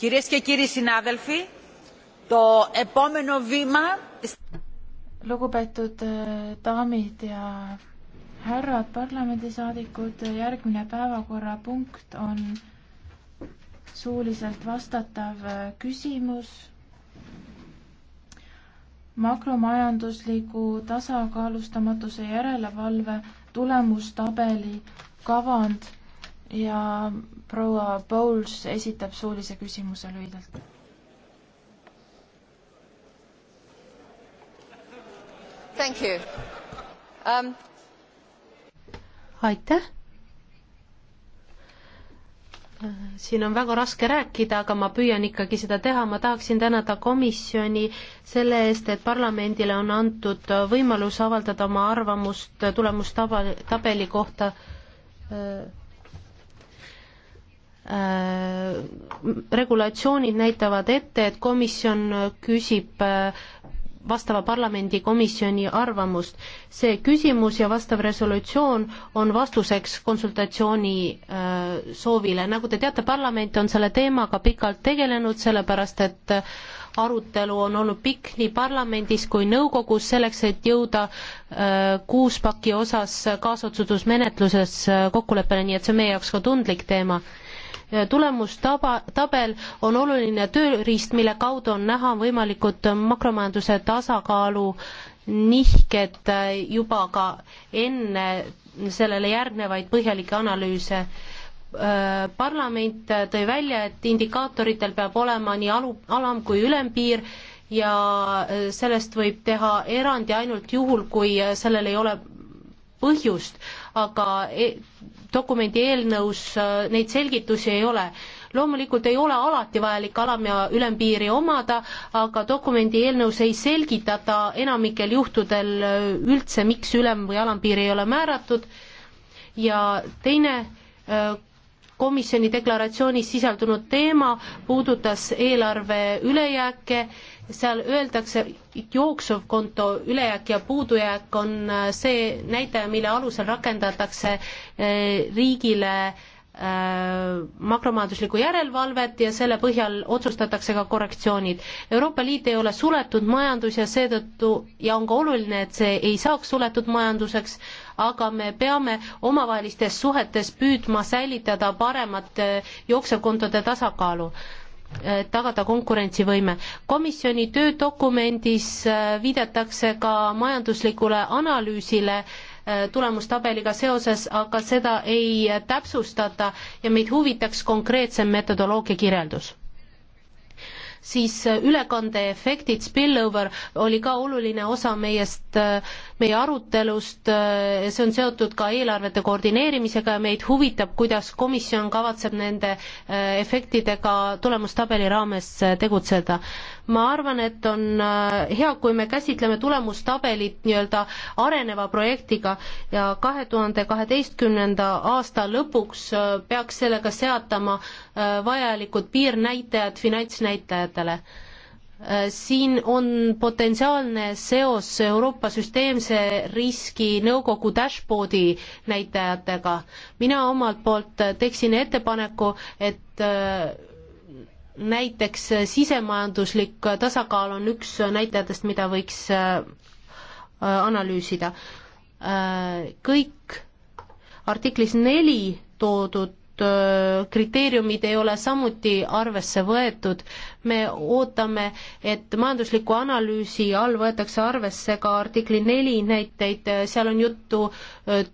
Κυρίες και κύριοι συνάδελφοι, το επόμενο βήμα... Lugupeetud äh, daamid ja härrad parlamendisaadikud, äh, järgmine päevakorrapunkt on suuliselt vastatav äh, küsimus makromajandusliku tasakaalustamatuse järelevalve tulemustabeli kavand ja proua Bowles esitab suulise küsimuse lühidalt. Thank you um.... aitäh siin on väga raske rääkida, aga ma püüan ikkagi seda teha, ma tahaksin tänada komisjoni selle eest, et parlamendile on antud võimalus avaldada oma arvamust tulemustabeli kohta Äh, regulatsioonid näitavad ette, et komisjon küsib äh, vastava parlamendikomisjoni arvamust. see küsimus ja vastav resolutsioon on vastuseks konsultatsiooni äh, soovile. nagu te teate, parlament on selle teemaga pikalt tegelenud, sellepärast et arutelu on olnud pikk nii parlamendis kui nõukogus selleks, et jõuda kuuspaki osas kaasotsustusmenetluses kokkuleppele, nii et see on meie jaoks ka tundlik teema Äh, tulemustaba, tabel on oluline tööriist, mille kaudu on näha võimalikud makromajanduse tasakaalu nihked äh, juba ka enne sellele järgnevaid põhjalikke analüüse äh, parlament tõi välja, et indikaatoritel peab olema nii alu, alam- kui ülempiir ja sellest võib teha erandi ainult juhul, kui sellel ei ole põhjust, aga e-, dokumendi eelnõus äh, neid selgitusi ei ole. loomulikult ei ole alati vajalik alam- ja ülempiiri omada, aga dokumendi eelnõus ei selgitata enamikel juhtudel äh, üldse, miks ülem- või alampiiri ei ole määratud ja teine äh, komisjoni deklaratsioonis sisaldunud teema puudutas eelarve ülejääke seal öeldakse, jooksuv konto ülejääk ja puudujääk on äh, see näitaja, mille alusel rakendatakse äh, riigile äh, makromajanduslikku järelevalvet ja selle põhjal otsustatakse ka korrektsioonid. Euroopa Liit ei ole suletud majandus ja seetõttu ja on ka oluline, et see ei saaks suletud majanduseks, aga me peame omavahelistes suhetes püüdma säilitada paremat jooksevkontode tasakaalu Äh, tagada konkurentsivõime. komisjoni töödokumendis äh, viidatakse ka majanduslikule analüüsile äh, tulemustabeliga seoses, aga seda ei täpsustata ja meid huvitaks konkreetsem metodoloogia kirjeldus siis äh, ülekandeefektid, spillover oli ka oluline osa meiest, äh, meie arutelust, äh, see on seotud ka eelarvete koordineerimisega ja meid huvitab, kuidas komisjon kavatseb nende efektidega tulemustabeli raames tegutseda ma arvan, et on äh, hea, kui me käsitleme tulemustabelit nii-öelda areneva projektiga ja kahe tuhande kaheteistkümnenda aasta lõpuks äh, peaks sellega seatama äh, vajalikud piirnäitajad finantsnäitajatele siin on potentsiaalne seos Euroopa süsteemse riski nõukogu dashboardi näitajatega. mina omalt poolt teeksin ettepaneku, et näiteks sisemajanduslik tasakaal on üks näitajatest, mida võiks äh, analüüsida. Äh, kõik artiklis neli toodud kriteeriumid ei ole samuti arvesse võetud. me ootame, et majandusliku analüüsi all võetakse arvesse ka artikli neli näiteid, seal on juttu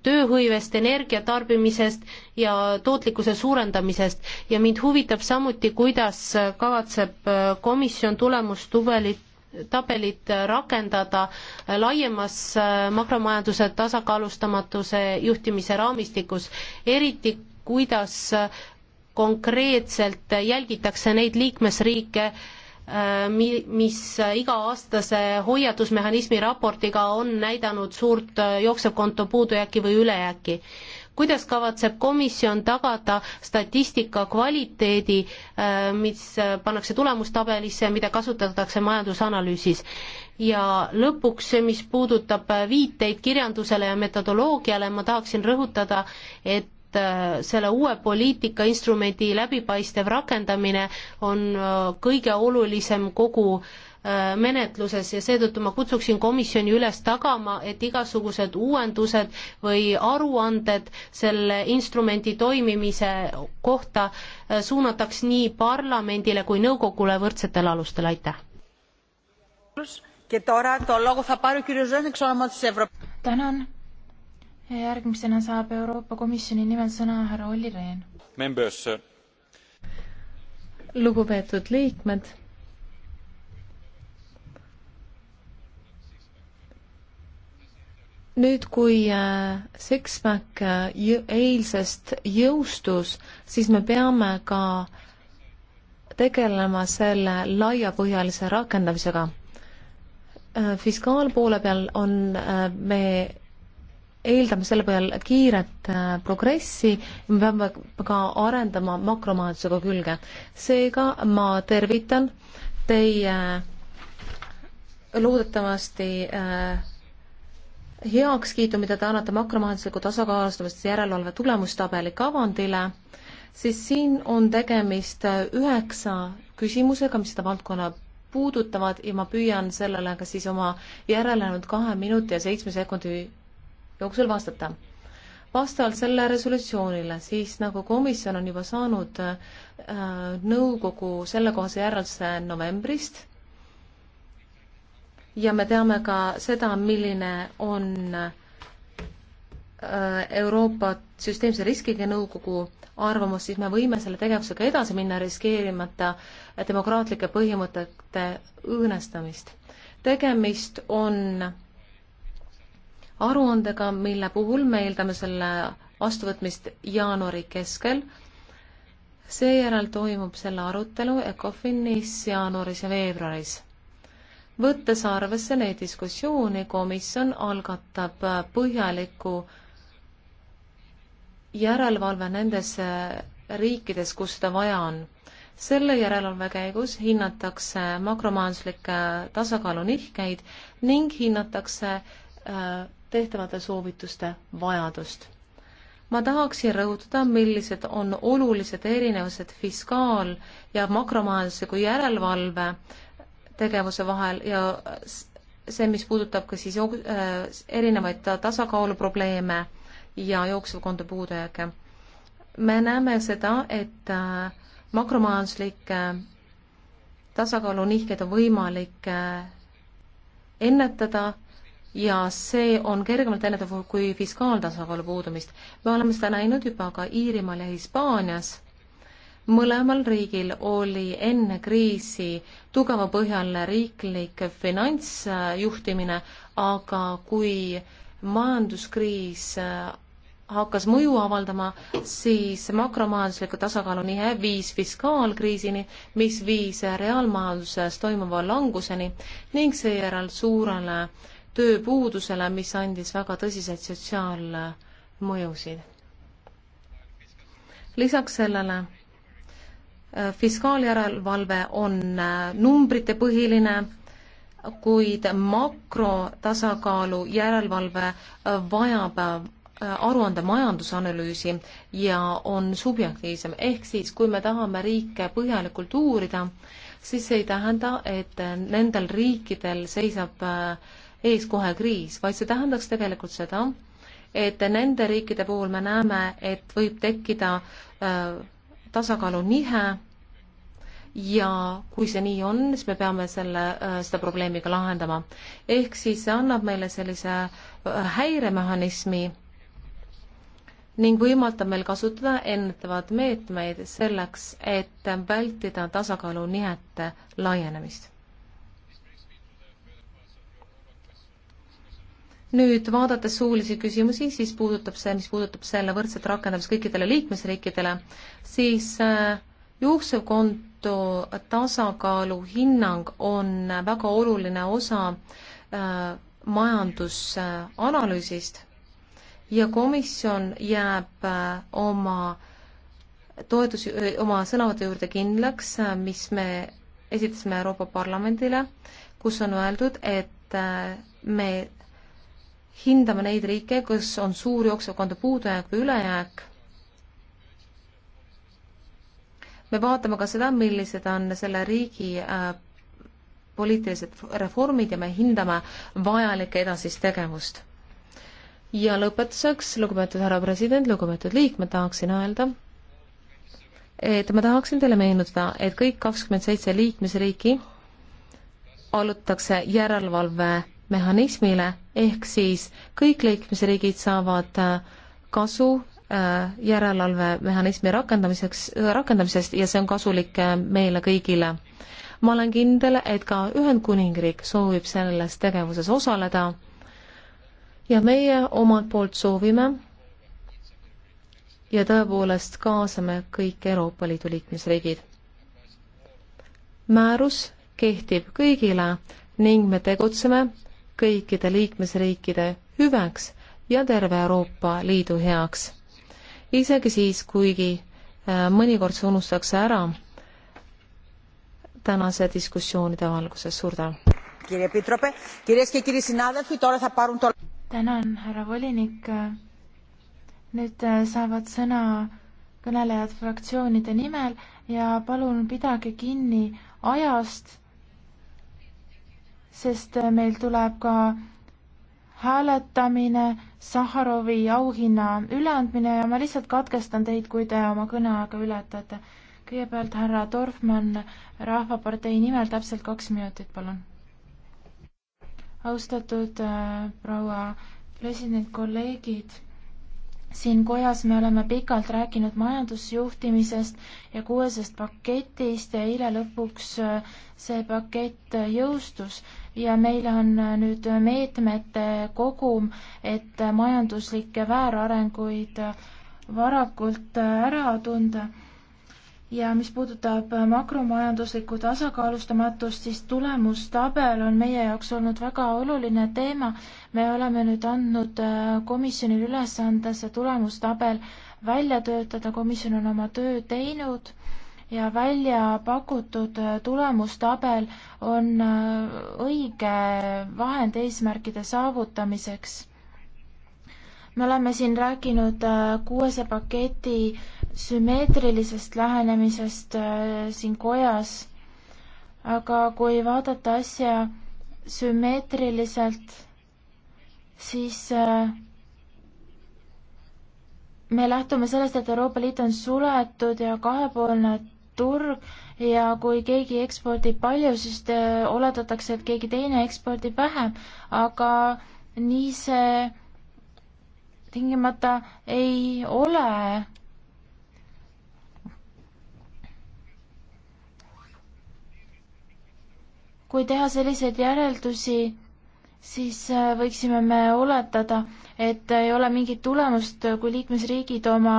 tööhõivest, energiatarbimisest ja tootlikkuse suurendamisest ja mind huvitab samuti, kuidas kavatseb komisjon tulemustubelit tabelit rakendada laiemas makromajanduse tasakaalustamatuse juhtimise raamistikus, eriti kuidas konkreetselt jälgitakse neid liikmesriike, äh, mi-, mis iga-aastase hoiatusmehhanismi raportiga on näidanud suurt äh, jooksevkonto puudujääki või ülejääki. kuidas kavatseb komisjon tagada statistika kvaliteedi, äh, mis pannakse tulemustabelisse, mida kasutatakse majandusanalüüsis? ja lõpuks, mis puudutab viiteid kirjandusele ja metodoloogiale, ma tahaksin rõhutada, et et äh, selle uue poliitikainstrumendi läbipaistev rakendamine on äh, kõige olulisem kogu äh, menetluses ja seetõttu ma kutsuksin komisjoni üles tagama, et igasugused uuendused või aruanded selle instrumendi toimimise kohta suunataks nii parlamendile kui nõukogule võrdsetel alustel, aitäh. tänan ja järgmisena saab Euroopa Komisjoni nimel sõna härra Olli Rehn. Äh, lugupeetud liikmed. nüüd, kui äh, Sixpack äh, eilsest jõustus, siis me peame ka tegelema selle laiapõhjalise rakendamisega. fiskaalpoole peal on me eeldame selle peal kiiret äh, progressi, me peame ka arendama makromajandusega külge. seega ma tervitan teie äh, loodetavasti äh, heakskiidu, mida te annate makromajandusliku tasakaalustamise järelevalve tulemustabeli kavandile, siis siin on tegemist üheksa küsimusega, mis seda valdkonna puudutavad ja ma püüan sellele ka siis oma järelejäänud kahe minuti ja seitsme sekundi jooksul vastata. vastavalt selle resolutsioonile, siis nagu komisjon on juba saanud äh, nõukogu sellekohase järelduse novembrist, ja me teame ka seda, milline on äh, Euroopa süsteemse riskiga nõukogu arvamus, siis me võime selle tegevusega edasi minna, riskeerimata demokraatlike põhimõtete õõnestamist. tegemist on aruandega, mille puhul me eeldame selle vastuvõtmist jaanuari keskel. seejärel toimub selle arutelu ECOFINis jaanuaris ja veebruaris. võttes arvesse neid diskussiooni, komisjon algatab põhjaliku järelevalve nendes riikides, kus seda vaja on selle järelevalve käigus hinnatakse makromajanduslikke tasakaalu nihkeid ning hinnatakse äh, tehtavate soovituste vajadust. ma tahaksin rõhutada, millised on olulised erinevused fiskaal- ja makromajandusliku järelevalve tegevuse vahel ja see, mis puudutab ka siis äh, erinevaid tasakaaluprobleeme ja jooksevkonda puudujääke. me näeme seda, et äh, makromajanduslike tasakaalunihked on võimalik äh, ennetada ja see on kergemalt ennetav kui fiskaaltasakaalu puudumist. me oleme seda näinud juba ka Iirimaal ja Hispaanias. mõlemal riigil oli enne kriisi tugeva põhjal riiklik finantsjuhtimine, aga kui majanduskriis hakkas mõju avaldama, siis makromajandusliku tasakaalu nihe viis fiskaalkriisini, mis viis reaalmajanduses toimuva languseni ning seejärel suurele äh, tööpuudusele, mis andis väga tõsiseid sotsiaalmõjusid. lisaks sellele äh, fiskaaljärelevalve on äh, numbritepõhiline, kuid makrotasakaalu järelevalve äh, vajab aruande majandusanalüüsi ja on subjektiivsem, ehk siis kui me tahame riike põhjalikult uurida, siis see ei tähenda, et nendel riikidel seisab äh, ees kohe kriis, vaid see tähendaks tegelikult seda, et nende riikide puhul me näeme, et võib tekkida äh, tasakaalu nihe ja kui see nii on, siis me peame selle, äh, seda probleemi ka lahendama. ehk siis see annab meile sellise äh, häiremehhanismi ning võimaldab meil kasutada ennetavad meetmeid selleks, et vältida tasakaalu nihete laienemist nüüd vaadates suulisi küsimusi, siis puudutab see, mis puudutab selle võrdset rakendamist kõikidele liikmesriikidele, siis äh, juuksevkonto tasakaalu hinnang on väga oluline osa äh, majandusanalüüsist ja komisjon jääb äh, oma toetus, oma sõnavõtu juurde kindlaks, mis me esitasime Euroopa Parlamendile, kus on öeldud, et me hindama neid riike, kus on suur jooksevkonda puudujääk või ülejääk. me vaatame ka seda, millised on selle riigi äh, poliitilised reformid ja me hindame vajalike edasist tegevust. ja lõpetuseks, lugupeetud härra president, lugupeetud liikmed, tahaksin öelda, et ma tahaksin teile meenutada, et kõik kakskümmend seitse liikmesriiki allutakse järelevalve mehhanismile, ehk siis kõik liikmesriigid saavad äh, kasu äh, järelevalvemehhanismi rakendamiseks, äh, rakendamisest ja see on kasulik meile kõigile. ma olen kindel, et ka Ühendkuningriik soovib selles tegevuses osaleda ja meie omalt poolt soovime ja tõepoolest kaasame kõik Euroopa Liidu liikmesriigid. määrus kehtib kõigile ning me tegutseme kõikide liikmesriikide hüveks ja terve Euroopa Liidu heaks. isegi siis, kuigi äh, mõnikord see unustatakse ära tänase diskussioonide valguses. suur tänu! tänan, härra volinik. nüüd äh, saavad sõna kõnelejad fraktsioonide nimel ja palun pidage kinni ajast sest meil tuleb ka hääletamine, Saharovi auhinna üleandmine ja ma lihtsalt katkestan teid, kui te oma kõneaega ületate. kõigepealt härra Dorfmann Rahvapartei nimel täpselt kaks minutit, palun. austatud äh, proua president, kolleegid siin kojas me oleme pikalt rääkinud majandusjuhtimisest ja kuuesest paketist ja eile lõpuks äh, see pakett äh, jõustus ja meil on äh, nüüd meetmete kogum, et majanduslikke väärarenguid varakult ära tunda ja mis puudutab äh, makromajanduslikku tasakaalustamatust, siis tulemustabel on meie jaoks olnud väga oluline teema. me oleme nüüd andnud äh, komisjonile ülesande see tulemustabel välja töötada, komisjon on oma töö teinud ja välja pakutud äh, tulemustabel on õige vahend eesmärkide saavutamiseks me oleme siin rääkinud äh, kuuese paketi sümmeetrilisest lähenemisest äh, siin kojas, aga kui vaadata asja sümmeetriliselt, siis äh, me lähtume sellest, et Euroopa Liit on suletud ja kahepoolne turg ja kui keegi ekspordib palju, siis oletatakse, et keegi teine ekspordib vähem, aga nii see tingimata ei ole kui teha selliseid järeldusi, siis äh, võiksime me oletada, et ei ole mingit tulemust, kui liikmesriigid oma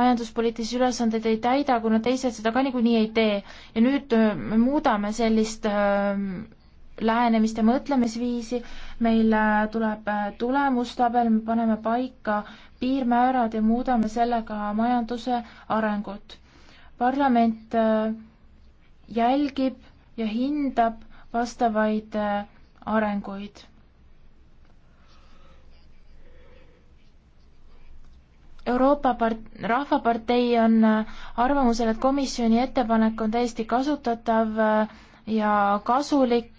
majanduspoliitilisi ülesandeid ei täida, kuna teised seda ka niikuinii ei tee. ja nüüd äh, me muudame sellist ähm, lähenemist ja mõtlemisviisi, meil äh, tuleb äh, tulemustabel, me paneme paika piirmäärad ja muudame sellega majanduse arengut. parlament äh, jälgib ja hindab vastavaid arenguid. Euroopa part-, Rahvapartei on arvamusel, et komisjoni ettepanek on täiesti kasutatav äh, ja kasulik.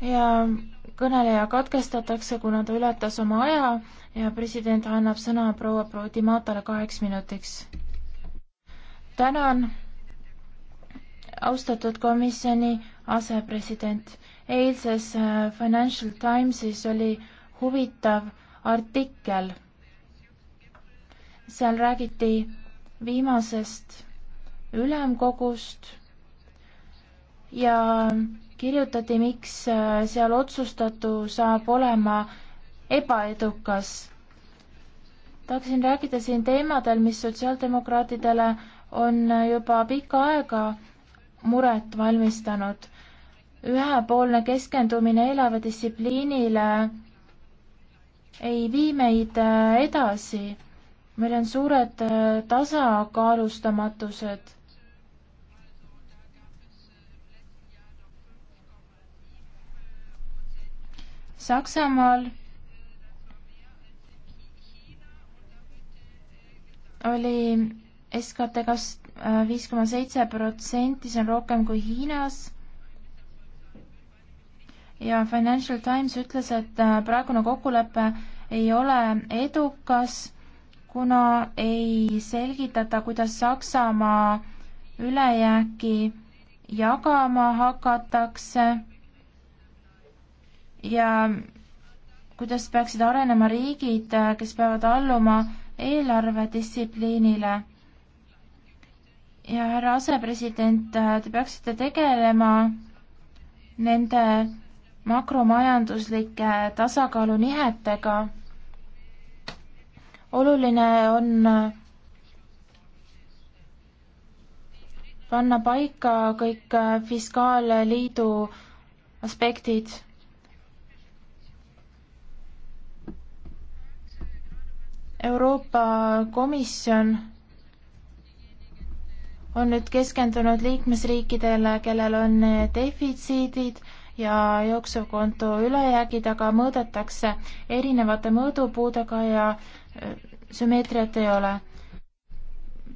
ja kõneleja katkestatakse, kuna ta ületas oma aja ja president annab sõna proua Prodimatale kaheks minutiks. tänan, austatud komisjoni asepresident. eilses äh, Financial Timesis oli huvitav artikkel seal räägiti viimasest ülemkogust ja kirjutati, miks äh, seal otsustatu saab olema ebaedukas. tahaksin rääkida siin teemadel, mis sotsiaaldemokraatidele on äh, juba pikka aega muret valmistanud. ühepoolne keskendumine eelarvedistsipliinile ei vii meid äh, edasi. meil on suured tasakaalustamatused Saksamaal oli SKT kasv äh, viis koma seitse protsenti, see on rohkem kui Hiinas. ja Financial Times ütles, et äh, praegune kokkulepe ei ole edukas, kuna ei selgitata, kuidas Saksamaa ülejääki jagama hakatakse ja kuidas peaksid arenema riigid, kes peavad alluma eelarvedistsipliinile. ja härra asepresident, te peaksite tegelema nende makromajanduslike tasakaalunihetega. oluline on panna paika kõik fiskaalliidu aspektid Euroopa Komisjon on nüüd keskendunud liikmesriikidele, kellel on defitsiidid ja jooksevkonto ülejäägid, aga mõõdetakse erinevate mõõdupuudega ja äh, sümmeetriat ei ole.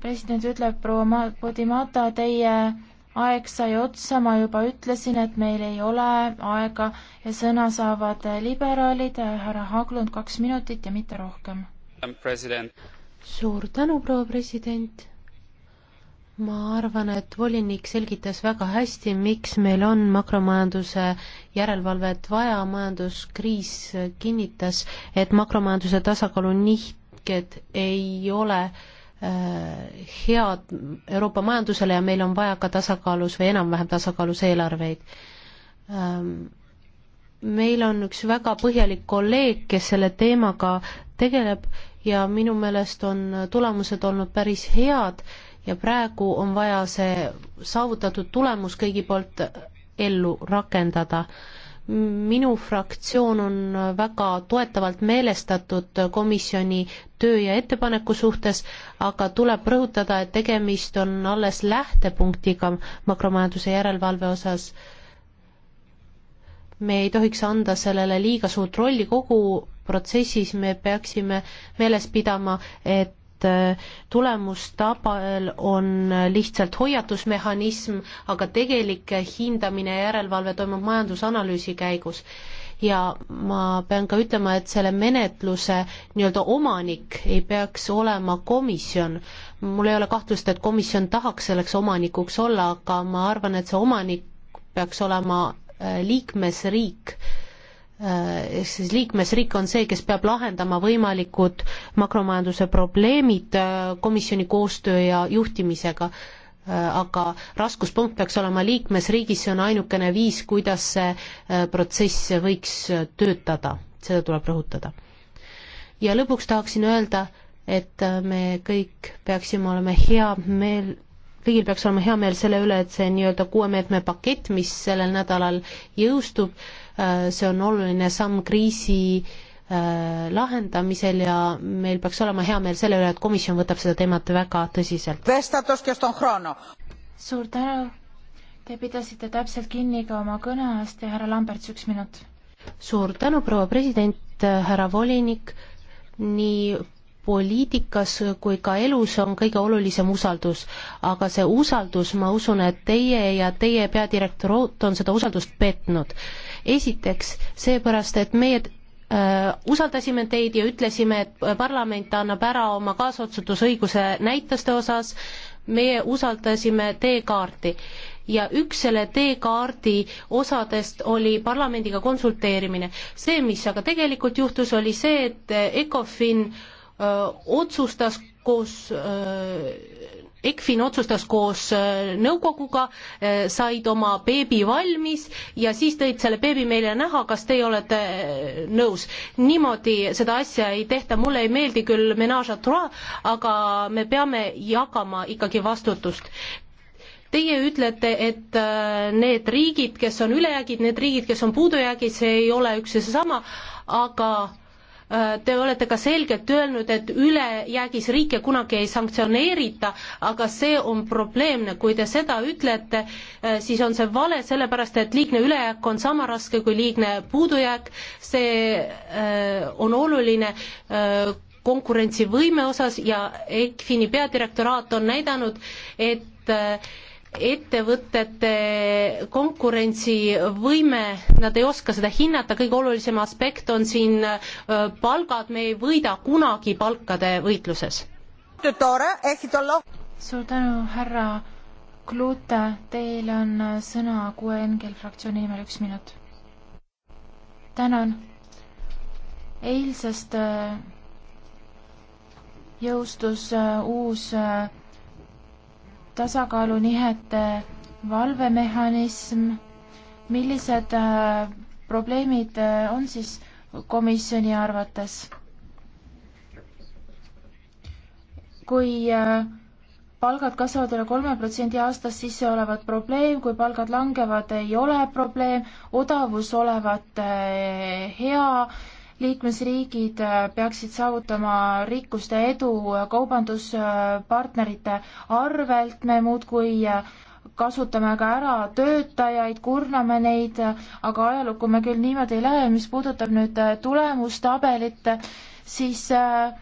president ütleb, proua Podimata, teie aeg sai otsa, ma juba ütlesin, et meil ei ole aega ja sõna saavad liberaalid, härra Haglund kaks minutit ja mitte rohkem suur tänu, proua president. ma arvan, et volinik selgitas väga hästi, miks meil on makromajanduse järelevalvet vaja, majanduskriis kinnitas, et makromajanduse tasakaalu nihked ei ole äh, head Euroopa majandusele ja meil on vaja ka tasakaalus või enam-vähem tasakaalus eelarveid. Ähm, meil on üks väga põhjalik kolleeg, kes selle teemaga tegeleb ja minu meelest on tulemused olnud päris head ja praegu on vaja see saavutatud tulemus kõigi poolt ellu rakendada. minu fraktsioon on väga toetavalt meelestatud komisjoni töö ja ettepaneku suhtes, aga tuleb rõhutada, et tegemist on alles lähtepunktiga makromajanduse järelevalve osas äh, me ei tohiks anda sellele liiga suurt rolli kogu protsessis, me peaksime meeles pidama, et äh, tulemustabel on lihtsalt hoiatusmehhanism, aga tegelik hindamine ja järelevalve toimub majandusanalüüsi käigus. ja ma pean ka ütlema, et selle menetluse nii-öelda omanik ei peaks olema komisjon. mul ei ole kahtlust, et komisjon tahaks selleks omanikuks olla, aga ma arvan, et see omanik peaks olema Äh, liikmesriik ehk äh, siis liikmesriik on see, kes peab lahendama võimalikud makromajanduse probleemid äh, komisjoni koostöö ja juhtimisega. aga raskuspunkt peaks olema liikmesriigis, see on ainukene viis, kuidas see protsess võiks töötada, seda tuleb rõhutada. ja lõpuks tahaksin öelda, et me kõik peaksime olema hea meel, kõigil peaks olema hea meel selle üle, et see nii-öelda kuue meetme pakett, mis sellel nädalal jõustub, äh, see on oluline samm kriisi äh, lahendamisel ja meil peaks olema hea meel selle üle, et komisjon võtab seda teemat väga tõsiselt. suur tänu, te pidasite täpselt kinni ka oma kõne eest ja härra Lamberts, üks minut. suur tänu, proua president, härra volinik, nii poliitikas kui ka elus on kõige olulisem usaldus. aga see usaldus, ma usun, et teie ja teie peadirektorat on seda usaldust petnud. esiteks seepärast, et meie äh, usaldasime teid ja ütlesime, et parlament annab ära oma kaasotsustusõiguse näitaste osas, meie usaldasime teekaarti ja üks selle teekaardi osadest oli parlamendiga konsulteerimine. see, mis aga tegelikult juhtus, oli see, et ECOFIN äh, Äh, otsustas koos äh, ECFIN otsustas koos äh, nõukoguga, said oma beebi valmis ja siis tõid selle beebi meile näha, kas teie olete nõus. niimoodi seda asja ei tehta, mulle ei meeldi küll menage à trois, aga me peame jagama ikkagi vastutust. Teie ütlete, et need riigid, kes on ülejäägid, need riigid, kes on puudujäägis, ei ole üks ja seesama, aga Te olete ka selgelt öelnud, et ülejäägis riike kunagi ei sanktsioneerita, aga see on probleemne. kui te seda ütlete, eh, siis on see vale, sellepärast et liigne ülejääk on sama raske kui liigne puudujääk. see eh, on oluline eh, konkurentsivõime osas ja ECFIN-i peadirektoraat on näidanud, et ettevõtete konkurentsivõime, nad ei oska seda hinnata, kõige olulisem aspekt on siin palgad, me ei võida kunagi palkade võitluses. suur tänu, härra Klute, teil on sõna kuue Engel fraktsiooni nimel üks minut. tänan. eilsest jõustus uus tasakaalunihete valvemehhanism, millised äh, probleemid äh, on siis komisjoni arvates? kui äh, palgad kasvavad üle kolme protsendi aastas, siis see olevat probleem, kui palgad langevad, ei ole probleem, odavus olevat hea liikmesriigid äh, peaksid saavutama rikkuste edu äh, kaubanduspartnerite arvelt, me muudkui äh, kasutame ka ära töötajaid, kurname neid, aga ajalukku me küll niimoodi ei lähe, mis puudutab nüüd tulemustabelit, siis äh,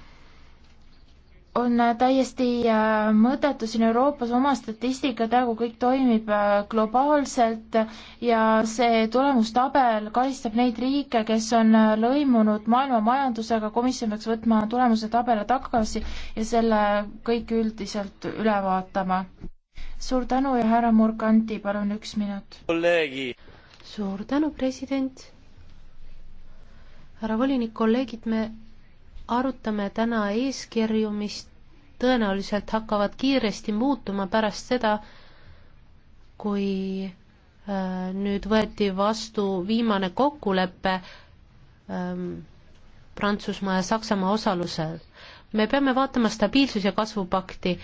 on täiesti äh, mõttetu siin Euroopas oma statistikat, praegu kõik toimib äh, globaalselt ja see tulemustabel karistab neid riike, kes on äh, lõimunud maailma majandusega, komisjon peaks võtma tulemuse tabela tagasi ja selle kõik üldiselt üle vaatama. suur tänu ja härra Murganti, palun üks minut. suur tänu, president. härra volinik, kolleegid, me arutame täna eeskirju, mis tõenäoliselt hakkavad kiiresti muutuma pärast seda, kui äh, nüüd võeti vastu viimane kokkulepe ähm, Prantsusmaa ja Saksamaa osalusel. me peame vaatama stabiilsus- ja kasvupakti.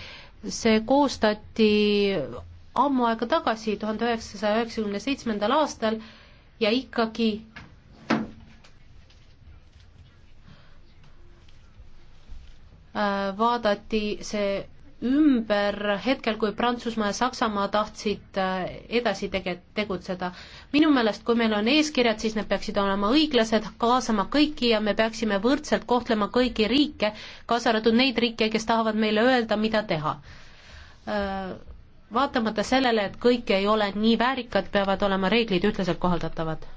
see koostati ammu aega tagasi, tuhande üheksasaja üheksakümne seitsmendal aastal ja ikkagi Äh, vaadati see ümber hetkel, kui Prantsusmaa ja Saksamaa tahtsid äh, edasi tege-, tegutseda. minu meelest, kui meil on eeskirjad, siis need peaksid olema õiglased, kaasama kõiki ja me peaksime võrdselt kohtlema kõiki riike, kaasa arvatud neid riike, kes tahavad meile öelda, mida teha. Äh, vaatamata sellele, et kõik ei ole nii väärikad, peavad olema reeglid ühtlaselt kohaldatavad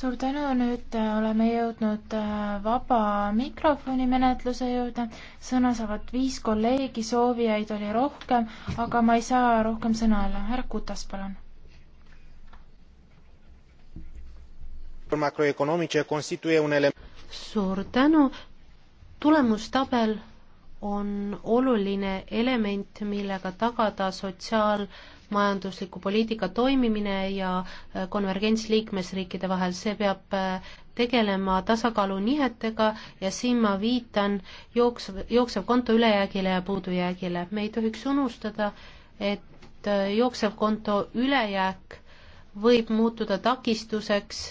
suur tänu, nüüd äh, oleme jõudnud äh, vaba mikrofoni menetluse juurde. sõna saavad viis kolleegi, soovijaid oli rohkem, aga ma ei saa rohkem sõna alla. härra Kutas, palun. suur tänu. tulemustabel on oluline element, millega tagada sotsiaal- majandusliku poliitika toimimine ja äh, konvergents liikmesriikide vahel, see peab äh, tegelema tasakaalunihetega ja siin ma viitan jooksv, jooksev konto ülejäägile ja puudujäägile. me ei tohiks unustada, et äh, jooksev konto ülejääk võib muutuda takistuseks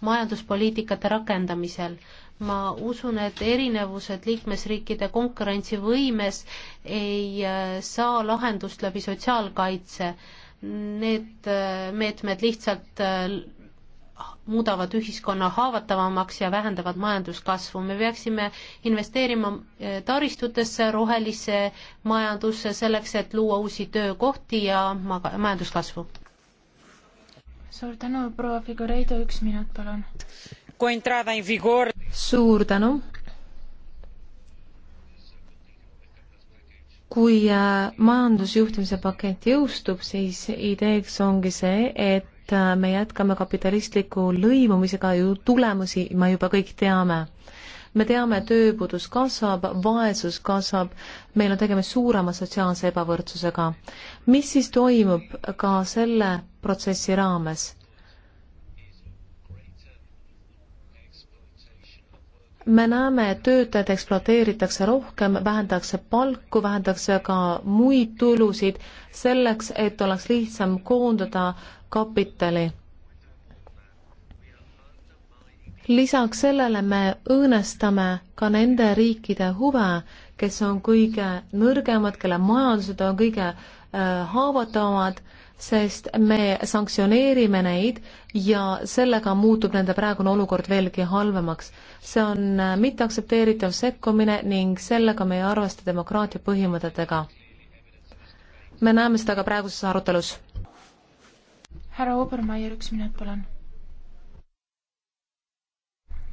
majanduspoliitikate rakendamisel. ma usun, et erinevused liikmesriikide konkurentsivõimes ei äh, saa lahendust läbi sotsiaalkaitse. Need äh, meetmed lihtsalt äh, muudavad ühiskonna haavatavamaks ja vähendavad majanduskasvu. me peaksime investeerima taristutesse, rohelisse majandusse selleks, et luua uusi töökohti ja majanduskasvu suur tänu, proua Figureido, üks minut, palun. suur tänu. kui äh, majandusjuhtimise pakett jõustub, siis ideeks ongi see, et äh, me jätkame kapitalistliku lõimumisega ju tulemusi, me juba kõik teame me teame, tööpuudus kasvab, vaesus kasvab, meil on tegemist suurema sotsiaalse ebavõrdsusega. mis siis toimub ka selle protsessi raames? me näeme, et töötajaid ekspluateeritakse rohkem, vähendatakse palku, vähendatakse ka muid tulusid selleks, et oleks lihtsam koondada kapitali lisaks sellele me õõnestame ka nende riikide huve, kes on kõige nõrgemad, kelle majandused on kõige äh, haavatavamad, sest me sanktsioneerime neid ja sellega muutub nende praegune olukord veelgi halvemaks. see on äh, mitteaktsepteeritav sekkumine ning sellega me ei arvesta demokraatia põhimõtetega. me näeme seda ka praeguses arutelus. härra Obermeier, üks minut, palun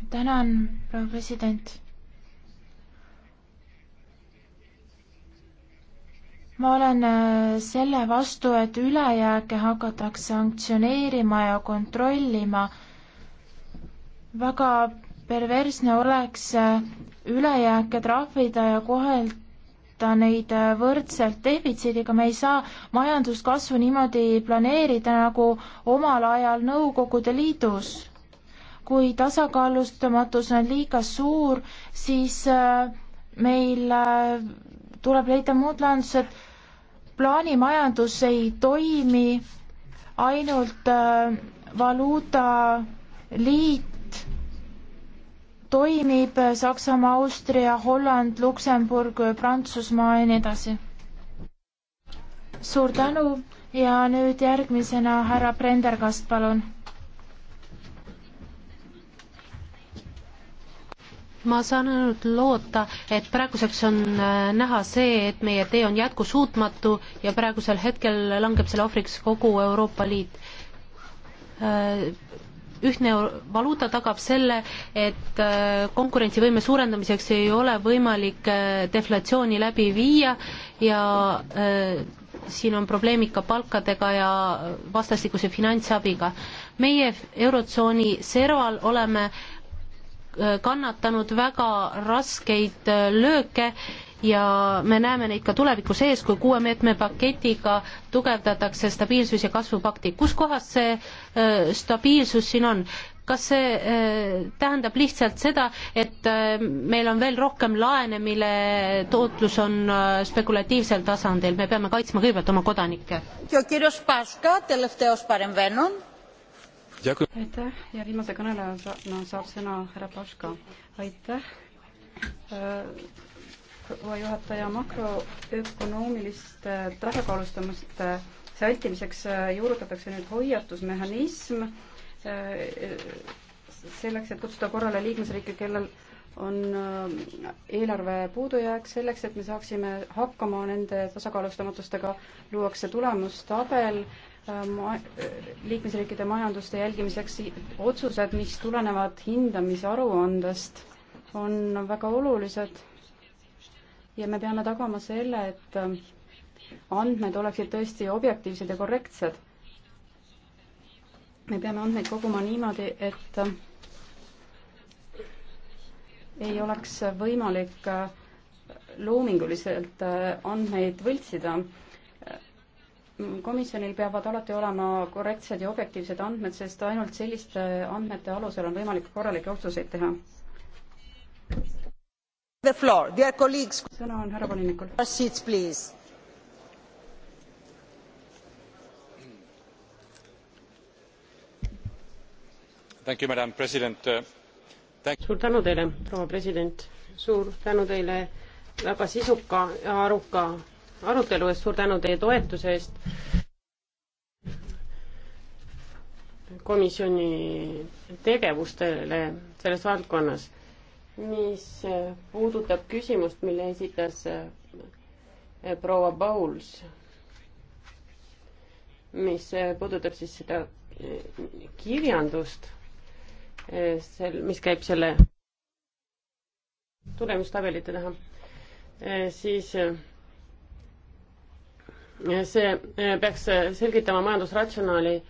tänan, proua president. ma olen äh, selle vastu, et ülejääke hakatakse sanktsioneerima ja kontrollima. väga perversne oleks äh, ülejääke trahvida ja kohelda kohta neid äh, võrdselt defitsiidiga, me ei saa majanduskasvu niimoodi planeerida nagu omal ajal Nõukogude Liidus kui tasakaalustamatus on liiga suur, siis äh, meil äh, tuleb leida muud lahendused. plaanimajandus ei toimi, ainult äh, valuutaliit toimib, Saksamaa, Austria, Holland, Luksemburg, Prantsusmaa ja nii edasi. suur tänu ja nüüd järgmisena härra Prendergast, palun ma saan ainult loota, et praeguseks on äh, näha see, et meie tee on jätkusuutmatu ja praegusel hetkel langeb selle ohvriks kogu Euroopa Liit. Äh, ühtne valuuta tagab selle, et äh, konkurentsivõime suurendamiseks ei ole võimalik deflatsiooni läbi viia ja siin on probleemid ka palkadega ja vastastikuse finantsabiga. meie Eurotsooni serval oleme äh, Äh, kannatanud väga raskeid äh, lööke ja me näeme neid ka tuleviku sees, kui kuue meetme paketiga tugevdatakse stabiilsus- ja kasvupakti. kus kohas see äh, stabiilsus siin on? kas see tähendab lihtsalt seda, et meil on veel rohkem laene, mille tootlus on spekulatiivsel tasandil, me peame kaitsma kõigepealt oma kodanikke? aitäh ja viimase kõneleja no, saab sõna härra Paška. aitäh proua juhataja, makroökonoomiliste tasakaalustamiste vältimiseks äh, juurutatakse nüüd hoiatusmehhanism äh, selleks, et kutsuda korrale liikmesriike, kellel on äh, eelarve puudujääk, selleks et me saaksime hakkama nende tasakaalustamatustega, luuakse tulemustabel äh, Ähm, äh, liikmesriikide majanduste jälgimiseks otsused, mis tulenevad hindamisaruandest, on väga olulised ja me peame tagama selle, et äh, andmed oleksid tõesti objektiivsed ja korrektsed. me peame andmeid koguma niimoodi, et äh, ei oleks võimalik loominguliselt andmeid võltsida komisjonil peavad alati olema korrektsed ja objektiivsed andmed, sest ainult selliste andmete alusel on võimalik korralikke otsuseid teha. sõna on härra volinikul. Uh, suur tänu teile, proua president, suur tänu teile väga sisuka ja aruka arutelu eest, suur tänu teie toetuse eest. komisjoni tegevustele selles valdkonnas, mis puudutab küsimust, mille esitas eh, proua Pauls, mis eh, puudutab siis seda eh, kirjandust, sel, mis käib selle tulemustabelite taha, siis see eh, peaks eh, selgitama majandusratsionaali,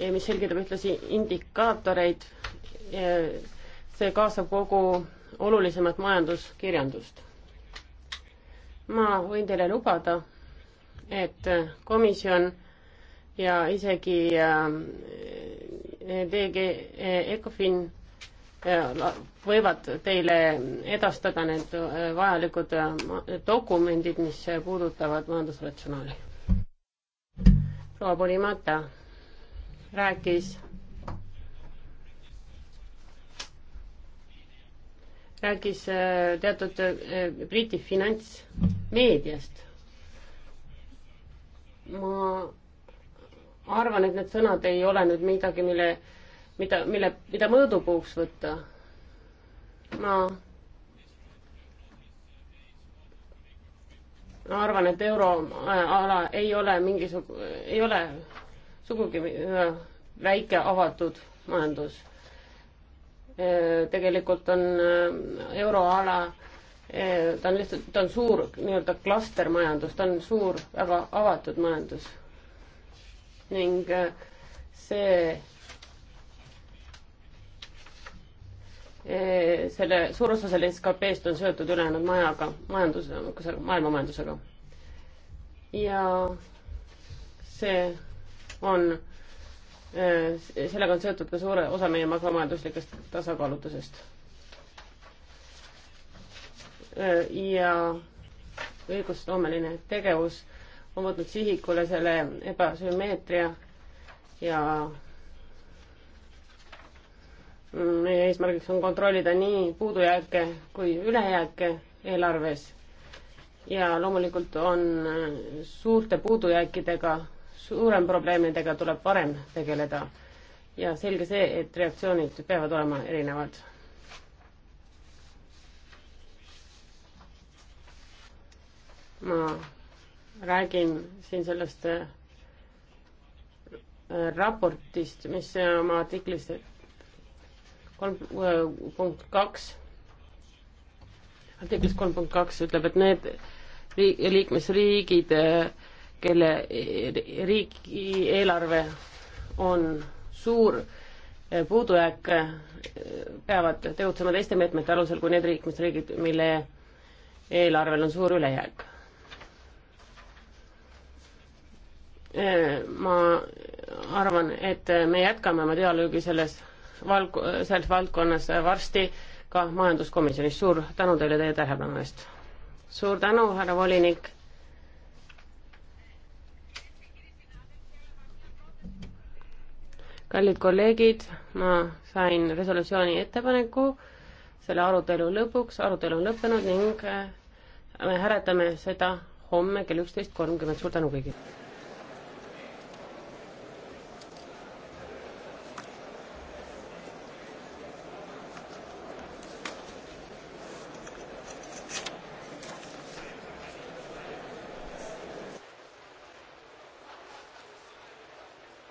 eh, mis selgitab ühtlasi indikaatoreid. see kaasab kogu olulisemat majanduskirjandust. ma võin teile lubada, et komisjon ja isegi DG Ecofin võivad teile edastada need äh, vajalikud äh, dokumendid, mis puudutavad majandusratsionaali. proua Polimata rääkis, rääkis äh, teatud Briti finantsmeediast. ma arvan, et need sõnad ei ole nüüd midagi, mille mida, mille, mida mõõdupuuks võtta. ma arvan, et euroala ei ole mingisugu-, ei ole sugugi äh, väike avatud majandus. Äh, tegelikult on äh, euroala ta on lihtsalt, ta on suur nii-öelda klastermajandus, ta on suur, väga avatud majandus. ning see Eh, selle suur osa sellest SKP-st on seotud ülejäänud majaga, majandus, maailma majandusega. ja see on, eh, sellega on seotud ka suure osa meie makromajanduslikest tasakaalutusest. Eh, ja õigusloomeline tegevus on võtnud sihikule selle ebasümmeetria ja meie eesmärgiks on kontrollida nii puudujääke kui ülejääke eelarves ja loomulikult on suurte puudujääkidega, suurem probleemidega tuleb varem tegeleda. ja selge see, et reaktsioonid peavad olema erinevad. ma räägin siin sellest äh, raportist, mis oma artiklis kolm äh, punkt kaks, artiklis kolm punkt kaks ütleb, et need liikmesriigid, kelle riigieelarve on suur äh, puudujääk, äh, peavad tegutsema teiste meetmete alusel kui need liikmesriigid, mille eelarvel on suur ülejääk. ma arvan, et me jätkame oma dialoogi selles valg-, selles valdkonnas varsti ka majanduskomisjonis. suur tänu teile teie tähelepanu eest. suur tänu, härra volinik. kallid kolleegid, ma sain resolutsiooni ettepaneku selle arutelu lõpuks, arutelu on lõppenud ning äh, me hääletame seda homme kell üksteist kolmkümmend, suur tänu kõigile!